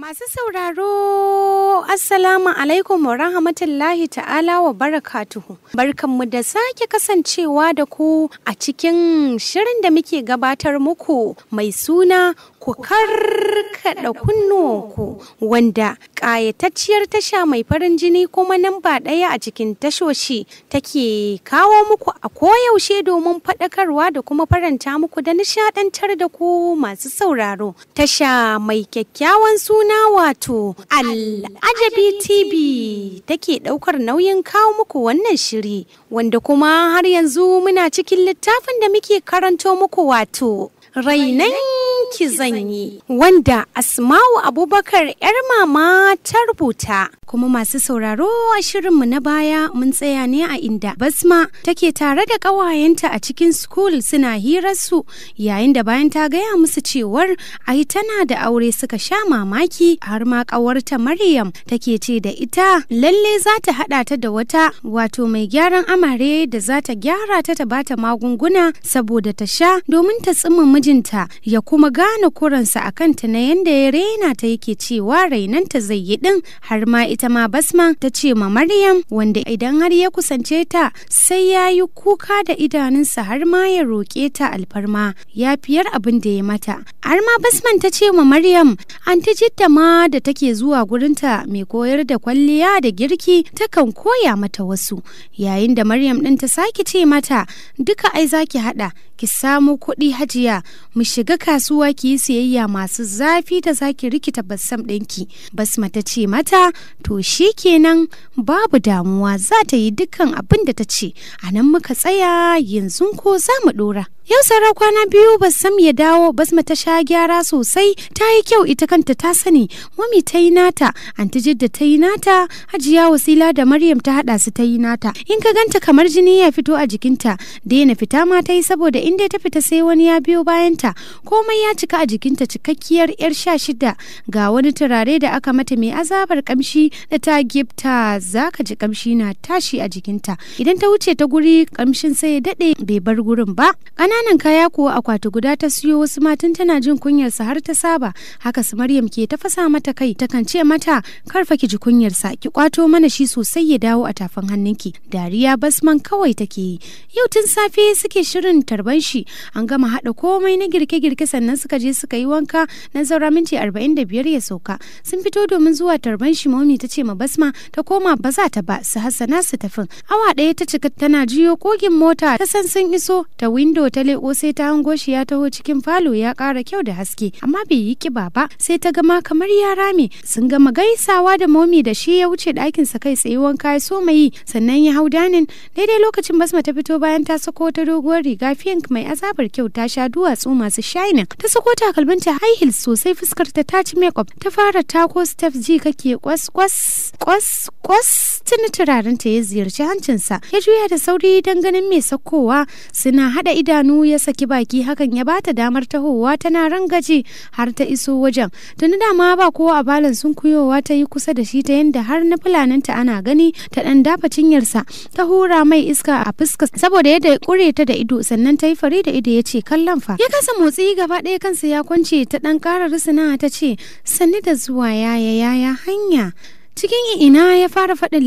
Masu sauraro, Assalamu alaikum wa rahmatullahi ta'ala wa barakatuhu. Barkanmu da sake kasancewa da ku a cikin shirin da muke gabatar muku mai suna ku karkada kunnuwanku wanda ƙayatacciyar tasha mai farin jini kuma nan ba ɗaya a cikin tashoshi take kawo muku a koyaushe domin faɗakarwa da kuma faranta muku da nishaɗantar da ku masu sauraro. Tasha mai kyakkyawan suna wato Al'ajabi TV take ɗaukar nauyin kawo muku wannan shiri wanda kuma har yanzu muna cikin littafin da muke karanto muku wato. Rainan ki zan yi wanda Asma'u Abubakar 'yar mama ta rubuta. Kuma masu sauraro a shirinmu na baya mun tsaya ne a inda Basma take tare da kawayenta a cikin school suna hirarsu yayin da bayan ta gaya musu cewar ai tana da aure suka sha mamaki har ma ƙawarta Maryam take ce da ita lalle za ta haɗa ta da wata wato mai gyaran amare da za ta gyara ta ta bata magunguna saboda ta sha domin ta tsimin mijinta ya kuma gane kuransa a kanta na yadda ya rena ta yake cewa rainanta zai yi din har ma ita ma basma ta ce ma maryam wanda idan har ya kusance ta sai ya yi kuka da idanunsa har ma ya roƙe ta alfarma ya fiyar abin da ya mata har ma basman ta ce ma maryam an ta jidda ma da take zuwa gurinta mai koyar da kwalliya da girki takan koya mata wasu yayin da maryam ɗin ta sake ce mata duka ai zaki haɗa ki samo kuɗi hajiya mu shiga kasuwa ki yi siyayya masu zafi ta zaki rikita bassam ɗinki basma ta ce mata to shi kenan babu damuwa za ta yi dukkan abin da ta ce a nan muka tsaya yanzu ko za mu ɗora Yau sauran kwana biyu ba sam ya dawo Basma ta sha gyara sosai ta yi kyau ita kanta ta sani mami ta yi nata antijid da ta yi nata hajiya wasila da Maryam ta hada su ta yi nata in ka ganta kamar jini ya fito a jikinta daina fita ma ta yi saboda inda ta fita sai wani ya biyo bayanta komai ya cika a jikinta cikakkiyar yar sha shida ga wani turare da aka mata mai azabar kamshi da ta gifta ka ji kamshi na tashi a jikinta idan ta wuce ta guri kamshin sai ya dade bai bar gurin ba ƙananan kaya kuwa akwati guda ta siyo wasu matan tana jin kunyarsa har ta saba haka su Maryam ke ta fasa mata kai takan ce mata karfa ki ji kunyarsa ki kwato mana shi sosai ya dawo a tafin hannunki dariya basman kawai take yi yau tun safe suke shirin tarban shi an gama hada komai na girke-girke sannan suka je suka yi wanka na zaura minti arba'in da biyar ya sauka sun fito domin zuwa tarban shi momi ta ce ma basma ta koma ba za ta ba su hassana su tafin awa ɗaya ta cika tana jiyo kogin mota ta san sun iso ta window ta ta leƙo sai ta hango shi ya taho cikin falo ya kara kyau da haske amma bai yi kiba ba sai ta gama kamar ya rame sun gama gaisawa da momi da shi ya wuce ɗakinsa kai tsaye wanka ya so mai sannan ya hau danin daidai lokacin basma ta fito bayan ta sako ta doguwar riga pink mai azabar kyau ta sha duwatsu masu shining ta sako takalminta high heels sosai fuskar ta ta ci makeup ta fara tako steps ji kake kwas kwas kwas kwas tuni turaren ta ya ziyarci hancinsa ya juya da sauri don ganin mai sakowa suna hada idanu hannu ya saki baki hakan ya bata damar tahowa tana rangaji har ta iso wajen tuni dama ba kowa a balan sun kuyowa ta yi kusa da shi ta yanda har na fulaninta ana gani ta dan dafa cinyarsa ta hura mai iska a fuska saboda yadda kure ta da ido sannan ta yi fari da ido ya ce kallon fa ya kasa motsi gaba ɗaya kansa ya kwance ta dan kara risina ta ce sanni da zuwa yaya yaya hanya cikin ina ya fara faɗin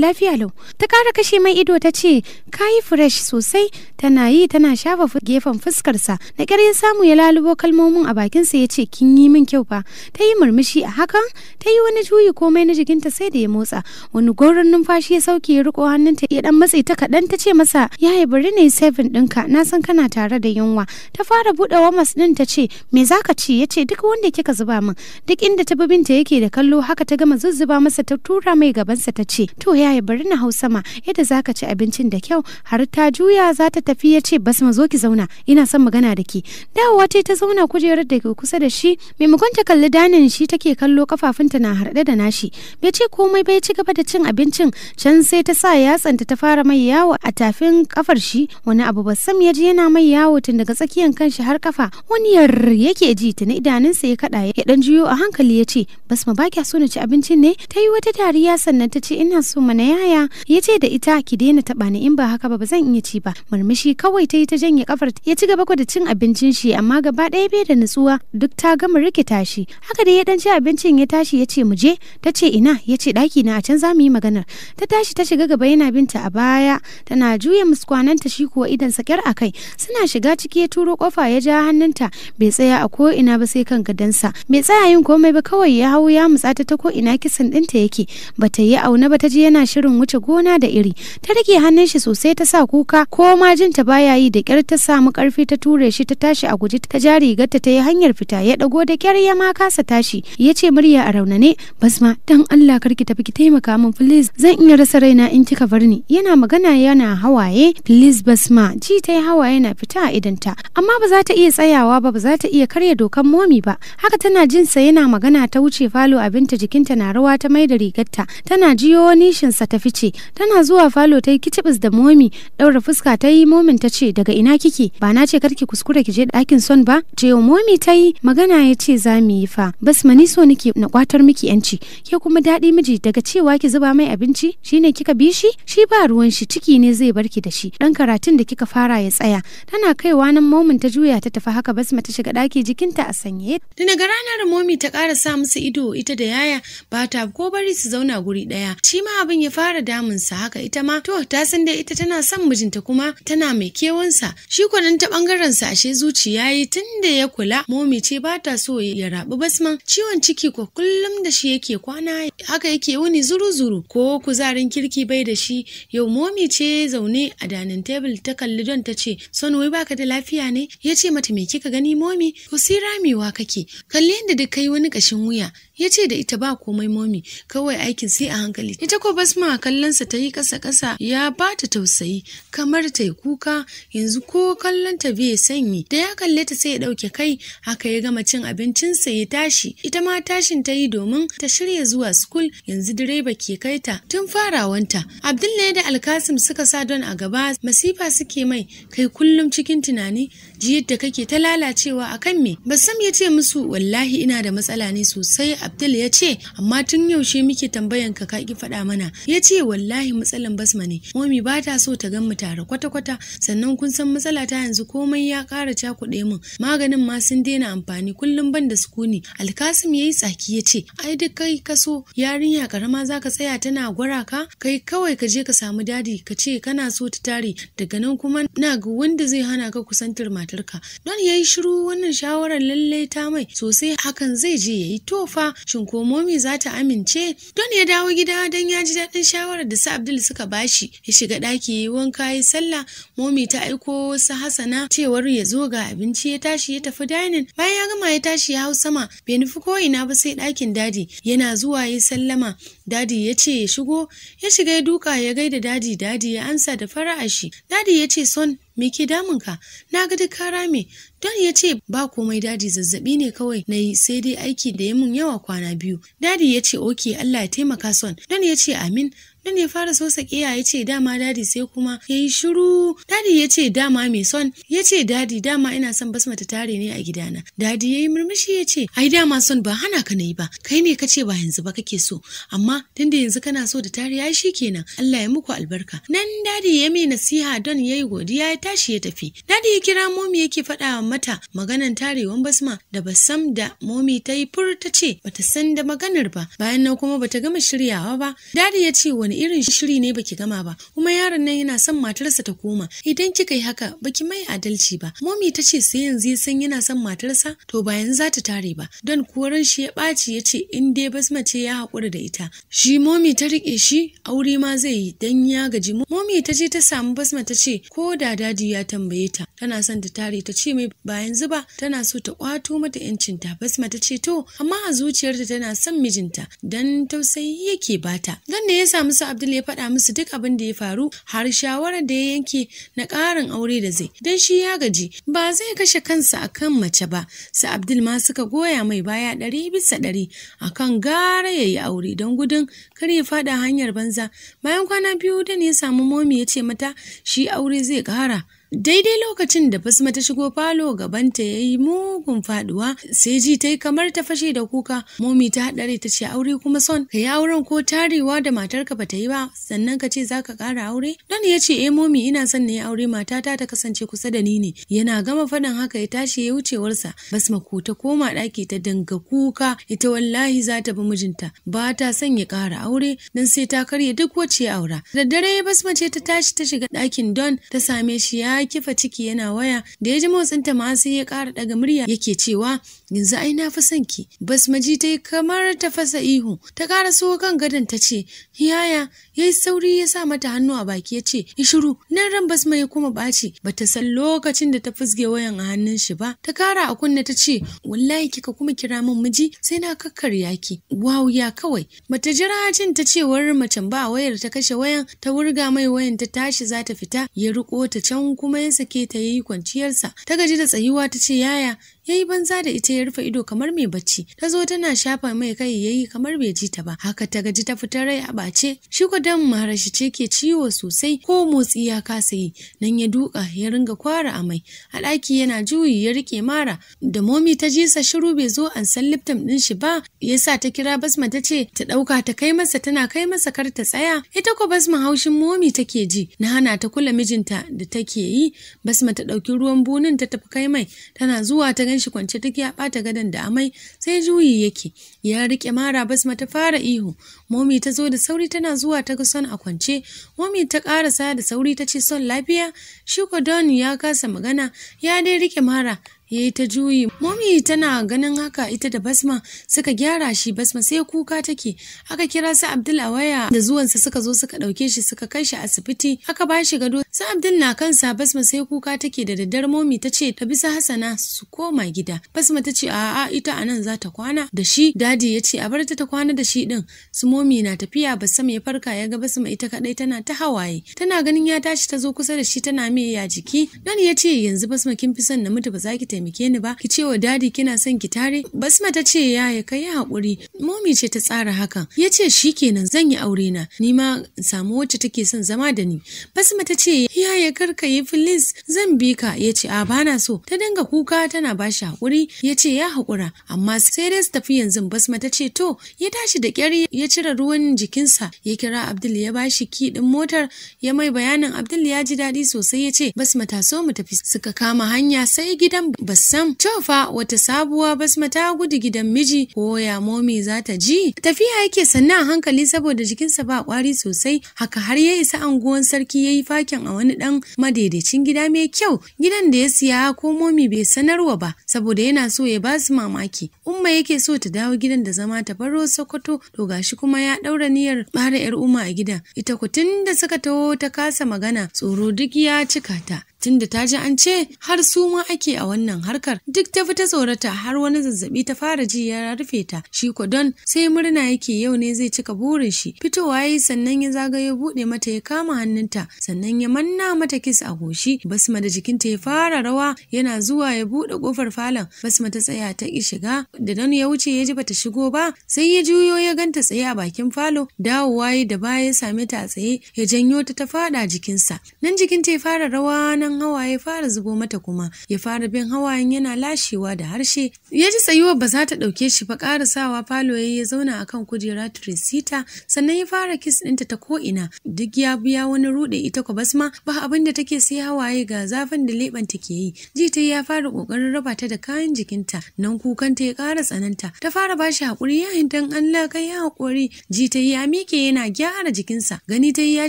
lafiya lau ta ƙara kashe mai ido ta ce ka yi fresh sosai tana yi tana shafa gefen fuskarsa da ƙyar ya samu ya lalubo kalmomin a bakinsa ya ce kin yi min kyau fa ta yi murmushi a hakan ta yi wani juyi komai na jikinta sai da ya motsa wani gorin numfashi ya sauke ya riko hannunta ya dan matsi ta kaɗan ta ce masa yaya bari ne seven ɗinka na san kana tare da yunwa ta fara buɗe wamas ɗin ta ce me zaka ci ya ce duk wanda kika zuba min duk inda ta binta yake da kallo haka ta gama zuzzuba masa ta tura mai gabansa ta ce to yaya bari na hau sama yadda zaka ci abincin da kyau har ta juya za ta tafi ya ce basma zo ki zauna ina son magana da ke dawowa ce ta zauna kujerar da ke kusa da shi maimakon ta kalli danin shi take kallo kafafunta na harɗe da nashi bai ce komai bai ci gaba da cin abincin can sai ta sa yatsanta ta fara mai yawo a tafin kafar shi wani abu ba sam ya ji yana mai yawo tun daga tsakiyan shi har kafa wani yar yake ji na idanunsa ya kaɗa. ya dan juyo a hankali ya ce basma ba kya so na ci abincin ne ta yi wata dariya sannan ta ce ina so mana yaya ya ce da ita ki daina taɓa ni in ba haka ba ba zan iya ci ba murmushi kawai ta yi ta janye kafar ya ci gaba da cin abincin shi amma gaba ɗaya bai da nutsuwa duk ta gama rike tashi haka da ya dan ci abincin ya tashi ya ce mu je ta ce ina ya ce ɗaki na a can za mu yi maganar ta tashi ta shiga gaba yana binta a baya tana juya muskwananta shi kuwa idan sakar a kai suna shiga ciki ya turo kofa ya ja hannunta bai tsaya a ko ina ba sai kan gadansa bai tsaya yin komai ba kawai ya hau ya mutsa ta ko ina kisan ɗinta yake bata yi auna ba ta ji yana shirin wuce gona da iri ta rike hannun shi sosai ta sa kuka ko ma jinta baya yi da kyar ta samu karfi ta ture shi ta tashi a guji ta jari rigarta ta yi hanyar fita ya dago da kyar ya ma kasa tashi yace murya a raunane basma dan Allah karki tafi ki taimaka min please zan iya rasa raina in kika bar ni yana magana yana hawaye please basma ji ta yi hawaye na fita a ta. amma ba za ta iya tsayawa ba ba za ta iya karya dokan momi ba haka tana jin sa yana magana ta wuce falo abinta jikinta na rawa ta maida rigarta tana jiyo nishinsa ta fice tana zuwa falo ta yi kicibis da momi daura fuska ta yi momin ta ce daga ina kike ba na ce karki kuskure ki je ɗakin son ba ce momi ta yi magana ya ce za mu yi fa bas ma ni so nake na kwatar miki yanci ke kuma daɗi miji daga cewa ki zuba mai abinci shine kika bi shi shi ba ruwan shi ciki ne zai barki da shi dan karatun da kika fara ya tsaya tana kaiwa nan momin ta juya ta tafi haka bas basma ta shiga ɗaki jikinta a sanye da daga ranar momi ta ƙara sa musu ido ita da yaya ba ta ko bari su zauna guri ɗaya shi ma abin ya fara damun sa haka ita ma to ta san dai ita tana son mijinta kuma tana mai kewansa shi kwanan ta bangaren sa ashe zuciya yi tun da ya kula momi ce ba ta so ya rabu basman ciwon ciki ko kullum da shi yake kwana haka yake wuni zuru zuru ko kuzarin kirki bai da shi yau momi ce zaune a danin tebul ta kalli don ta ce son wai baka da lafiya ne yace mata me kika gani momi ko sai ramewa kake kalli yadda da kai wani kashin wuya ya ce da ita ba komai momi kawai aikin sai a hankali ita ko basma kallonsa ta yi ƙasa ƙasa ya ba ta tausayi kamar ta yi kuka yanzu ko kallon ta bai sanyi da ya kalle ta sai ya ɗauke kai haka ya gama cin abincinsa ya tashi ita ma tashin ta yi domin ta shirya zuwa skul yanzu direba ke kai ta tun farawanta abdul ne da alkasim suka sa don a gaba masifa suke mai kai kullum cikin tunani ji yadda kake ta lalacewa a kan me bassam ya ce musu wallahi ina da matsala ne sosai abdul ya ce amma tun yaushe muke tambayan ka kaki faɗa mana ya ce wallahi matsalan basma ne momi ba ta so ta gan mu tare kwata-kwata sannan kun san matsala ta yanzu komai ya ƙara cakuɗe min maganin ma sun daina amfani kullum ban da sukuni alkasim ya yi tsaki ya ce ai duk kai kaso yarinya karama za ka tsaya tana gwara ka kai kawai ka je ka samu dadi ka ce kana so ta tare daga nan kuma na ga wanda zai hana ka kusantar mata matarka don ya yi shiru wannan shawarar lallai ta mai sosai hakan zai je ya yi tofa shin ko momi za ta amince don ya dawo gida don ya ji daɗin shawarar da su abdul suka bashi ya shiga ɗaki ya yi wanka ya sallah momi ta aiko wasu hasana cewar ya zo ga abinci ya tashi ya tafi dining bayan ya gama ya tashi ya hau sama bai nufi ko ina ba sai ɗakin dadi yana zuwa ya sallama Dadi ya ce ya shigo, ya shiga ya duka ya gaida dadi dadi ya ansa da fara'a shi. Dadi ya ce son me ke damunka? Na ga duk kara me. Don ya ce ba komai dadi zazzabi ne kawai na yi sai dai aiki da ya mun yawa kwana biyu. Dadi ya ce oke Allah ya taimaka son. Don ya ce amin. Don ya fara so sakiya ya ce dama dadi sai kuma ya yi shiru. Dadi ya ce dama mai son. Ya ce dadi dama ina son basma ta tare ne a gidana. Dadi ya yi murmushi ya ce ai dama son ba hana ka na yi ba. Kai ne ka ce ba yanzu ba kake so. Amma tunda yanzu kana so da tare ya shi kenan. Allah ya muku albarka. Nan dadi ya mai nasiha don ya yi godiya ya tashi ya tafi. Dadi ya kira momi yake faɗa wa mata maganan tarewan basma da basam da momi ta yi fur ta ce bata san da maganar ba bayan nan kuma bata gama shiryawa ba dadi ya ce wani irin shiri ne baki gama ba kuma yaron nan yana son matarsa ta koma idan kika yi haka baki mai adalci ba momi ta ce sai yanzu ya san yana son matarsa to bayan yanzu za ta tare ba don koran shi ya ɓaci ya ce in dai basma ce ya haƙura da ita shi momi ta riƙe shi aure ma zai yi dan ya gaji momi ta je ta samu basma ta ce ko da dadi ya tambaye ta tana son ta tare ta ce mai ba yanzu ba tana so ta kwato mata yancinta basma ta ce to amma a zuciyarta tana son mijinta dan tausayi yake bata dan ne ya sa musu abdul ya faɗa musu duk abin da ya faru har shawarar da ya yanke na ƙarin aure da zai dan shi ya gaji ba zai kashe kansa akan mace ba su abdul ma suka goya mai baya ɗari bisa ɗari akan gara ya yi aure don gudun kar ya faɗa hanyar banza bayan kwana biyu da ya samu momi ya ce mata shi aure zai ƙara Daidai lokacin da Basma ta shigo falo gabanta ya yi mugun faduwa sai ji ta yi kamar ta fashe da kuka. Momi ta haɗare ta ce aure kuma son ka yi auren ko tarewa da matarka ba ta yi ba sannan ka ce za ka ƙara aure. Don ya ce eh momi ina son na yi aure matata ta kasance kusa da ni ne. Yana gama faɗin haka ya tashi ya wucewarsa. Basma ko ta koma ɗaki ta danga kuka ita wallahi za ta bi mijinta ba ta son ya ƙara aure don sai ta karya duk wacce aura. Da dare Basma ce ta tashi ta shiga ɗakin don ta same shi ya kifa ciki yana waya da ya ji motsin ta ma sai ya ƙara daga murya yake cewa yanzu ai na fi son ki basmaji ta yi kamar ta fasa ihu ta kara so kan gadon ta ce yaya ya yi sauri ya sa mata hannu a baki ya ce shiru nan ran basma ya kuma ɓaci ta san lokacin da ta fusge wayan a hannun shi ba ta kara a kunna ta ce wallahi kika kuma kira min miji sai na kakkar ki wow ya kawai bata jira jin ta wani macen ba wayar ta kashe wayan ta wurga mai wayan ta tashi za ta fita ya riko ta can kuma ya sake ta yi kwanciyarsa ta gaji da tsayuwa ta ce yaya ya yi banza da ita ya rufe ido kamar mai bacci ta zo tana shafa mai kai ya yi kamar bai ji ta ba haka ta gaji ta fitar rai a bace shi dan maharashi ce ke ciwo sosai ko motsi ya kasa yi nan ya duka ya ringa kwara amai a ɗaki yana juyi ya rike mara da momi ta jisa shiru bai zo an san liptam ɗin shi ba ya sa ta kira basma ta ce ta ɗauka ta kai masa tana kai masa kar ta tsaya ita ko basma haushin momi take ji na hana ta kula mijinta da take yi basma ta ɗauki ruwan bunin ta tafi kai mai tana zuwa ta ganin shi kwance duk ya bata gadon da amai sai juyi yake ya rike mara basma ta fara ihu momi ta zo da sauri tana zuwa ta ga son a kwance momi ta sa da sauri ta ce son lafiya shi don ya kasa magana ya dai rike mara ya yi ta juyi momi tana ganin haka ita da basma suka gyara shi basma sai kuka take aka kira su abdul a waya da zuwansa suka zo suka ɗauke shi suka kai shi asibiti aka ba shi gado su abdul na kansa basma sai kuka take da daddar momi ta ce ta bisa hasana su koma gida basma ta ce a'a ita anan za ta kwana da shi dadi ya ce a bar ta ta kwana da shi din su momi na tafiya basam ya farka ya ga basma ita kadai tana ta hawaye tana ganin ya tashi ta zo kusa da shi tana mai ya jiki don ya ce yanzu basma kin fi son na mutu ba za ki taimake ni ba ki ce wa dadi kina son ki tare basma ta ce ya kai hakuri momi ce ta tsara hakan ya ce shikenan zan yi aure na ni ma samu wacce take son zama da ni basma ta ce ya karka yi filis zan bi ka ya ce a bana so ta dinga kuka tana bashi hakuri ya ce ya hakura amma sai dai su tafi yanzu basma ta ce to ya tashi da kyar ya cire ruwan jikinsa ya kira abdul ya bashi ki din motar ya mai bayanin abdul ya ji daɗi sosai ya ce basma ta so mu tafi suka kama hanya sai gidan Bassam cofa wata sabuwa basma ta gudu gidan miji ko ya momi za ta ji tafiya yake sannan hankali saboda jikinsa ba kwari sosai haka har ya isa anguwan sarki ya yi fakin a wani dan madaidaicin gida mai kyau gidan da ya siya ko momi bai sanarwa ba saboda yana so ya ba su mamaki umma yake so ta dawo gidan da zama ta baro sokoto to gashi kuma ya daura niyyar bara yar umma a gidan ita kutun da suka taho ta kasa magana tsoro duk ya cika ta tunda ta ji an ce har su ma ake a wannan harkar duk ta fi ta tsorata har wani zazzabi ta fara ji ya rufe ta shi ko don sai murna yake yau ne zai cika burin shi fitowa yayi sannan ya zagaye buɗe mata ya kama hannunta sannan ya manna mata kis a goshi basma da jikinta ya fara rawa yana zuwa ya buɗe kofar falon basma ta tsaya ta ki shiga da don ya wuce ya ji bata shigo ba sai ya juyo ya ganta tsaye a bakin falo dawowa da baya ya same ta a tsaye ya janyo ta ta fada jikinsa nan jikinta ya fara rawa nan farin hawaye fara zubo mata kuma ya fara bin hawayen yana lashewa da harshe ya ji tsayuwar ba za ta ɗauke shi ba sawa falo ya ya zauna a kan kujera turisita sannan ya fara kis ɗinta ta ko ina duk ya biya wani ruɗe ita ko basma ba abin da take sai hawaye ga zafin da ta ke yi ji ta ya fara kokarin raba ta da kayan jikinta nan kukan ta ya ƙara tsananta ta fara bashi hakuri haƙuri yayin dan Allah kai ya haƙuri ji ta ya mike yana gyara jikinsa gani ta ya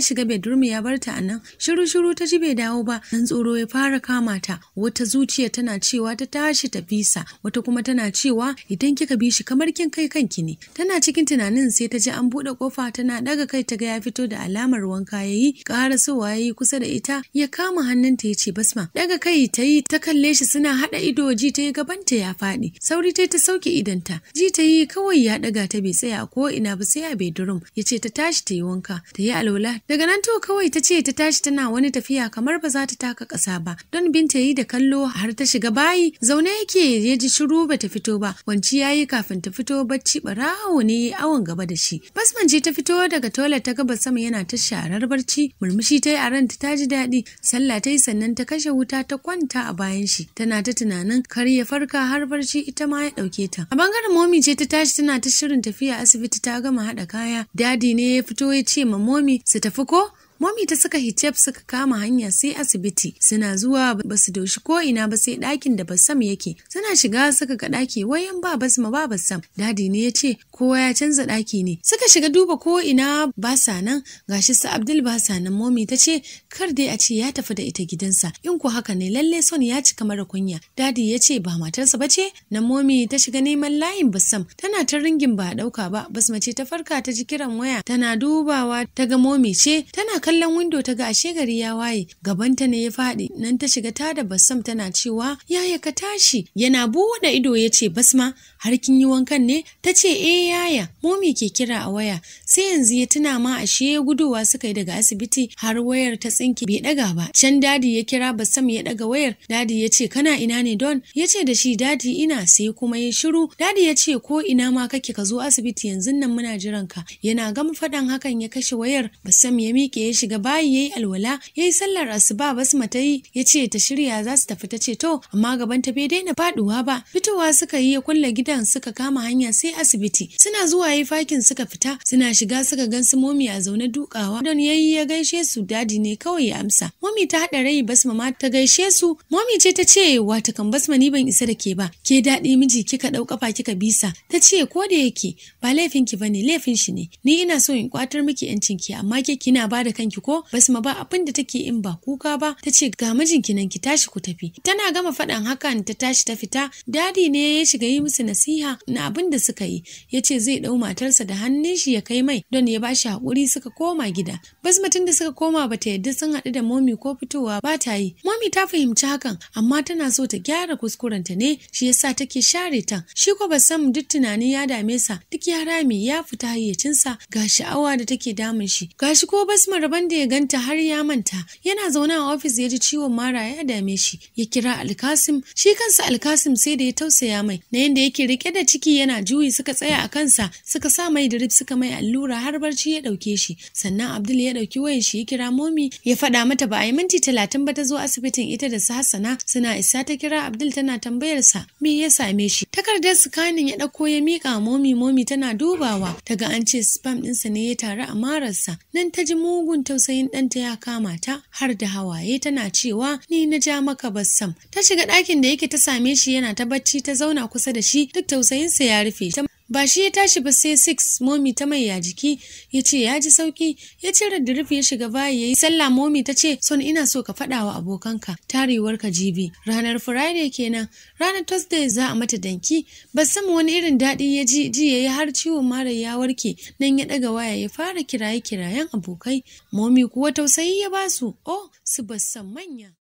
shiga bedroom ya bar ta a nan shiru shiru ta ji bai dawo ba nan tsoro ya fara kama ta wata zuciya tana cewa ta tashi ta bisa wata kuma tana cewa idan kika bi shi kamar kin kai kanki ne tana cikin tunanin sai ta ji an bude kofa tana daga kai ta ga ya fito da alamar wanka yayi sowa yayi kusa da ita ya kama hannunta ya ce basma daga kai ta yi ta kalle shi suna haɗa ido ji ta yi gabanta ya faɗi sauri ta ta sauke idanta ji ta yi kawai ya ɗaga ta bai tsaya ko ina ba sai a bedroom ya ce ta tashi ta yi wanka ta yi alola daga nan to kawai ta ce ta tashi tana wani tafiya kamar ba za ta taka taka ƙasa ba don binta yi da kallo har ta shiga bayi zaune yake ya ji shiru ba ta fito ba wanci ya yi kafin ta fito bacci barawo ne awon gaba da shi basmanci ta fito daga toilet ta gaba sama yana ta sharar barci murmushi ta yi a ranta ta ji daɗi sallah ta yi sannan ta kashe wuta ta kwanta a bayan shi tana ta tunanin kar ya farka har barci ita ma ya ɗauke ta a bangaren momi ce ta tashi tana ta shirin tafiya asibiti ta gama haɗa kaya dadi ne ya fito ya ce ma momi su tafi ko Momi ta saka hijab suka kama hanya sai asibiti suna zuwa ba su doshi ko ina ba sai ɗakin da Bassam yake. Suna shiga suka ga ɗaki wayan ba Basma ba Bassam. Dadi ne ya ce kowa ya canza ɗaki ne. Suka shiga duba ko ina ba sa nan gashi su Abdul ba sa nan Momi ta ce kar dai a ce ya tafi da ita gidansa in ko haka ne lalle son ya cika mara kunya. Dadi ya ce ba matarsa ba ce nan Momi ta shiga neman layin Bassam tana ta ringin ba a ɗauka ba Basma ce ta farka ta ji kiran waya tana dubawa ta ga Momi ce tana kallon kallon windo ta ga ashe gari ya waye gabanta ne ya faɗi nan ta shiga ta da basam tana cewa yaya ka tashi yana buɗe ido ya ce basma har kin yi wankan ne ta ce eh yaya momi ke kira a waya sai yanzu ya tuna ma ashe guduwa suka yi daga asibiti har wayar ta tsinke bai ɗaga ba can dadi ya kira basam ya ɗaga wayar dadi ya ce kana ina ne don ya ce da shi dadi ina sai kuma ya shiru dadi ya ce ko ina ma kake ka zo asibiti yanzu nan muna jiran ka yana gama faɗan hakan ya kashe wayar basam ya miƙe ya shiga bayi yayi alwala yayi sallar asuba basma ta yi ya ce ta shirya za su tafi ta ce to amma gaban ta bai daina faduwa ba fitowa suka yi ya kulle gidan suka kama hanya sai asibiti suna zuwa yayi fakin suka fita suna shiga suka gansu momi a zaune dukawa don yayi ya gaishe su dadi ne kawai ya amsa momi ta hada rai basma ma ta gaishe su momi ce ta ce wata kan basma ni ban isa da ke ba ke dadi miji kika dau kafa kika bisa ta ce ko da yake ba laifin ki bane laifin shi ne ni ina so in kwatar miki yancin ki amma ke kina bada kan kanki ko basma ba abin da take in ba kuka ba ta ce ga mijinki nan ki tashi ku tafi tana gama faɗan hakan ta tashi ta fita dadi ne ya shiga yi musu nasiha na abin da suka yi ya ce zai ɗau matarsa da hannun shi ya kai mai don ya bashi haƙuri suka koma gida basma tun da suka koma ba ta yadda sun haɗu da momi ko fitowa ba ta yi momi ta fahimci hakan amma tana so ta gyara kuskurenta ne shi yasa take share ta shi ko ba san duk tunanin ya dame sa duk ya ya fita hayyacinsa ga sha'awa da take damun shi gashi ko basma wanda da ya ganta har ya manta yana zaune a ofis ya ji ciwon mara ya dame shi ya kira alkasim shi kansa alkasim sai da ya tausaya mai na yadda yake rike da ciki yana juyi suka tsaya a kansa suka sa mai drip suka mai allura har barci ya dauke shi sannan abdul ya dauki wayan shi ya kira momi ya faɗa mata ba a yi minti talatin ba ta zo asibitin ita da su hassana suna isa ta kira abdul tana tambayar sa me ya same shi takardar sikanin ya dauko ya mika momi momi tana dubawa daga an ce spam ɗinsa ne ya taru a mararsa nan ta ji mugun tausayin ɗanta ya kama ta har da hawaye tana cewa ni na ja maka bassam ta shiga ɗakin da yake ta same shi yana ta bacci ta zauna kusa da shi duk tausayinsa ya rufe ta ba shi ya tashi ba sai six momi ta mai ya jiki ya ce ya ji sauki ya ce rufe ya shiga bayi ya yi sallah momi ta ce son ina so ka faɗa wa abokanka tarewar ka jibi ranar friday kenan ranar thursday za a mata danki ba san wani irin daɗi ya ji ji ya yi har ciwon mara ya warke nan ya ɗaga waya ya fara kiraye kirayen abokai momi kuwa tausayi ya basu oh su ba manya